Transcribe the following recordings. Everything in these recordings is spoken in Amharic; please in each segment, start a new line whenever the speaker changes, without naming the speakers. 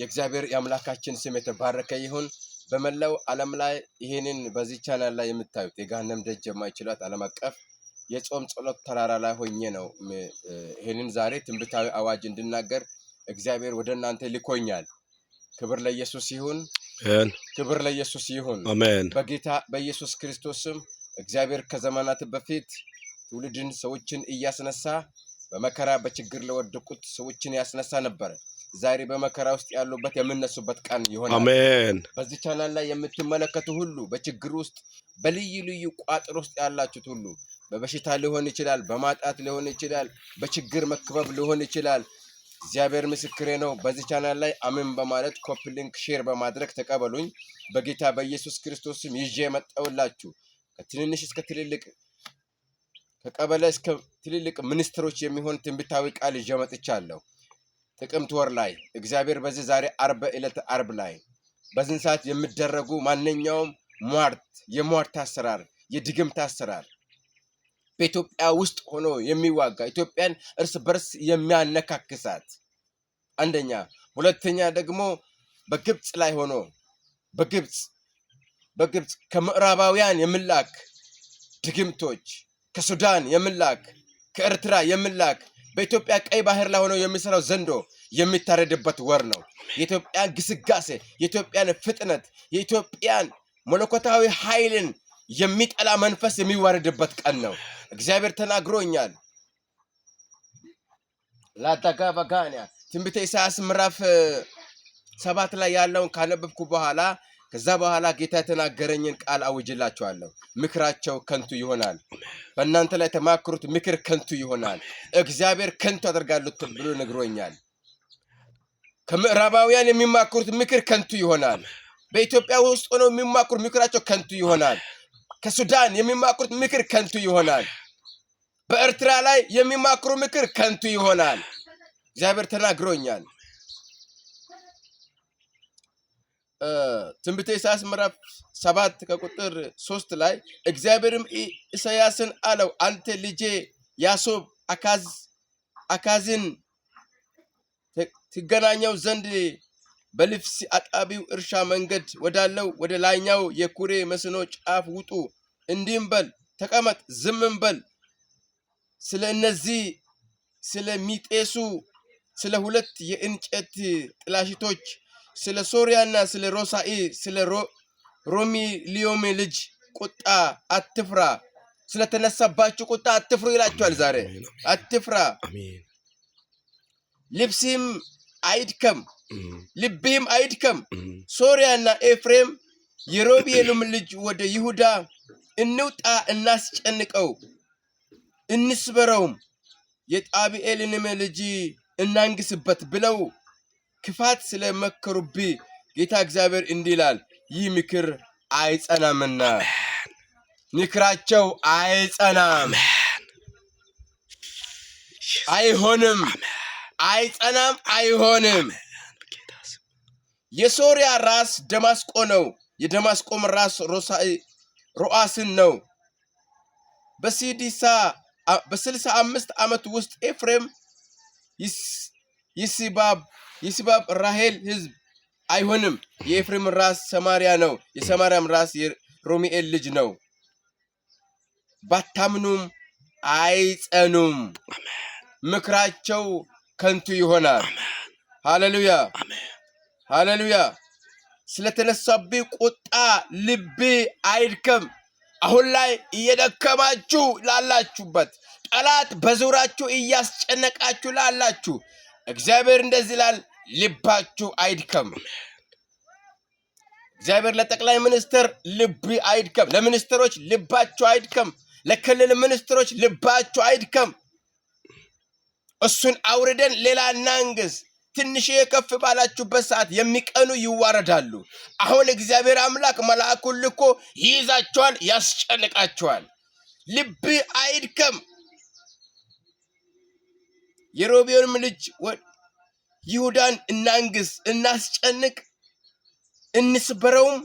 የእግዚአብሔር የአምላካችን ስም የተባረከ ይሁን። በመላው ዓለም ላይ ይህንን በዚህ ቻናል ላይ የምታዩት የገሃነም ደጅ የማይችሏት ዓለም አቀፍ የጾም ጸሎት ተራራ ላይ ሆኜ ነው ይህንን ዛሬ ትንቢታዊ አዋጅ እንድናገር እግዚአብሔር ወደ እናንተ ልኮኛል። ክብር ለኢየሱስ ይሁን፣ ክብር ለኢየሱስ ይሁን። በጌታ በኢየሱስ ክርስቶስም እግዚአብሔር ከዘመናት በፊት ትውልድን ሰዎችን እያስነሳ በመከራ በችግር ለወደቁት ሰዎችን ያስነሳ ነበረ። ዛሬ በመከራ ውስጥ ያሉበት የምነሱበት ቀን
ይሆናል። አሜን።
በዚህ ቻናል ላይ የምትመለከቱ ሁሉ በችግር ውስጥ በልዩ ልዩ ቋጥር ውስጥ ያላችሁት ሁሉ በበሽታ ሊሆን ይችላል፣ በማጣት ሊሆን ይችላል፣ በችግር መክበብ ሊሆን ይችላል። እግዚአብሔር ምስክሬ ነው። በዚህ ቻናል ላይ አሜን በማለት ኮፒ ሊንክ፣ ሼር በማድረግ ተቀበሉኝ። በጌታ በኢየሱስ ክርስቶስ ስም ይዤ የመጣሁላችሁ ከትንንሽ እስከ ትልልቅ ከቀበሌ እስከ ትልልቅ ሚኒስትሮች የሚሆን ትንቢታዊ ቃል ይዤ መጥቻለሁ። ጥቅምት ወር ላይ እግዚአብሔር በዚህ ዛሬ አርበ ዕለት አርብ ላይ በዚህን ሰዓት የሚደረጉ ማንኛውም ሟርት የሟርት አሰራር የድግምት አሰራር በኢትዮጵያ ውስጥ ሆኖ የሚዋጋ ኢትዮጵያን እርስ በርስ የሚያነካክሳት አንደኛ፣ ሁለተኛ ደግሞ በግብፅ ላይ ሆኖ በግብፅ በግብፅ ከምዕራባውያን የምላክ ድግምቶች ከሱዳን የምላክ ከኤርትራ የምላክ በኢትዮጵያ ቀይ ባህር ላይ ሆነው የሚሰራው ዘንዶ የሚታረድበት ወር ነው። የኢትዮጵያን ግስጋሴ፣ የኢትዮጵያን ፍጥነት፣ የኢትዮጵያን መለኮታዊ ኃይልን የሚጠላ መንፈስ የሚዋረድበት ቀን ነው። እግዚአብሔር ተናግሮኛል። ላጠጋ በጋንያ ትንቢተ ኢሳያስ ምዕራፍ ሰባት ላይ ያለውን ካነበብኩ በኋላ ከዛ በኋላ ጌታ የተናገረኝን ቃል አውጅላችኋለሁ። ምክራቸው ከንቱ ይሆናል፣ በእናንተ ላይ የተማክሩት ምክር ከንቱ ይሆናል፣ እግዚአብሔር ከንቱ አደርጋሉት ብሎ ነግሮኛል። ከምዕራባውያን የሚማክሩት ምክር ከንቱ ይሆናል። በኢትዮጵያ ውስጥ ሆነው የሚማክሩት ምክራቸው ከንቱ ይሆናል። ከሱዳን የሚማክሩት ምክር ከንቱ ይሆናል። በኤርትራ ላይ የሚማክሩ ምክር ከንቱ ይሆናል። እግዚአብሔር ተናግሮኛል። ትንቢተ ኢሳያስ ምዕራፍ ሰባት ከቁጥር ሶስት ላይ እግዚአብሔርም ኢሳያስን አለው አንተ ልጄ ያሶብ አካዝን ትገናኘው ዘንድ በልብስ አጣቢው እርሻ መንገድ ወዳለው ወደ ላይኛው የኩሬ መስኖ ጫፍ ውጡ። እንዲህም በል ተቀመጥ፣ ዝምም በል ስለ እነዚህ ስለሚጤሱ ስለ ሁለት የእንጨት ጥላሽቶች ስለ ሶርያና ስለ ሮሳኤ ስለ ሮሚ ሊዮሜ ልጅ ቁጣ አትፍራ፣ ስለተነሳባችሁ ቁጣ አትፍሩ ይላችኋል ዛሬ አትፍራ፣ ልብስም አይድከም፣ ልብህም አይድከም። ሶርያና ኤፍሬም የሮቤልም ልጅ ወደ ይሁዳ እንውጣ፣ እናስጨንቀው፣ እንስበረውም የጣብኤልንም ልጅ እናንግስበት ብለው ክፋት ስለመከሩብህ ጌታ እግዚአብሔር እንዲህ ይላል፣ ይህ ምክር አይጸናምና ምክራቸው አይጸናም፣ አይሆንም፣ አይጸናም፣ አይሆንም። የሶሪያ ራስ ደማስቆ ነው፣ የደማስቆም ራስ ሮአስን ነው። በሲዲሳ በስልሳ አምስት ዓመት ውስጥ ኤፍሬም ይስባብ የሲባብ ራሄል ህዝብ አይሆንም። የኤፍሬም ራስ ሰማሪያ ነው፣ የሰማሪያም ራስ የሮሚኤል ልጅ ነው። ባታምኑም አይጸኑም፣ ምክራቸው ከንቱ ይሆናል። ሃሌሉያ ሃሌሉያ። ስለተነሳብህ ቁጣ ልብህ አይድከም። አሁን ላይ እየደከማችሁ ላላችሁበት ጠላት በዙሪያችሁ እያስጨነቃችሁ ላላችሁ እግዚአብሔር እንደዚህ ይላል፣ ልባችሁ አይድከም። እግዚአብሔር ለጠቅላይ ሚኒስትር ልብ አይድከም፣ ለሚኒስትሮች ልባችሁ አይድከም፣ ለክልል ሚኒስትሮች ልባችሁ አይድከም። እሱን አውርደን ሌላ እናንግስ። ትንሽ ከፍ ባላችሁበት ሰዓት የሚቀኑ ይዋረዳሉ። አሁን እግዚአብሔር አምላክ መልአኩን ልኮ ይይዛቸዋል፣ ያስጨንቃቸዋል። ልብ አይድከም። የሮቤልም ልጅ ይሁዳን እናንግስ፣ እናስጨንቅ፣ እንስበረውም፣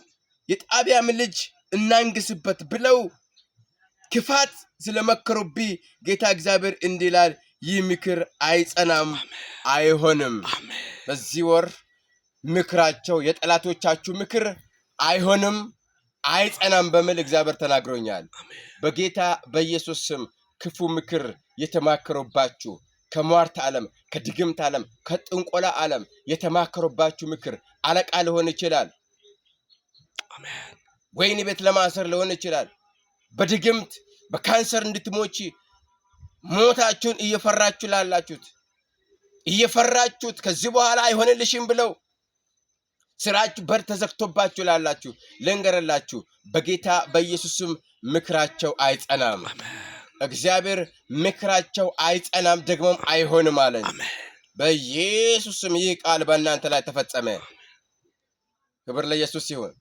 የጣቢያም ልጅ እናንግስበት ብለው ክፋት ስለመከሩብ ጌታ እግዚአብሔር እንዲህ ይላል፣ ይህ ምክር አይጸናም አይሆንም። በዚህ ወር ምክራቸው የጠላቶቻችሁ ምክር አይሆንም አይጸናም በሚል እግዚአብሔር ተናግሮኛል። በጌታ በኢየሱስ ስም ክፉ ምክር የተማከሩባችሁ ከሟርት ዓለም፣ ከድግምት ዓለም፣ ከጥንቆላ ዓለም የተማከሩባችሁ ምክር አለቃ ሊሆን ይችላል። ወይን ቤት ለማሰር ሊሆን ይችላል። በድግምት በካንሰር እንድትሞቺ ሞታችሁን እየፈራችሁ ላላችሁት እየፈራችሁት ከዚህ በኋላ አይሆንልሽም ብለው ስራችሁ በር ተዘግቶባችሁ ላላችሁ ልንገርላችሁ፣ በጌታ በኢየሱስም ምክራቸው አይጸናም። እግዚአብሔር ምክራቸው አይጸናም፣ ደግሞም አይሆንም አለን። በኢየሱስም ይህ ቃል በእናንተ ላይ ተፈጸመ። ክብር ለኢየሱስ ይሁን።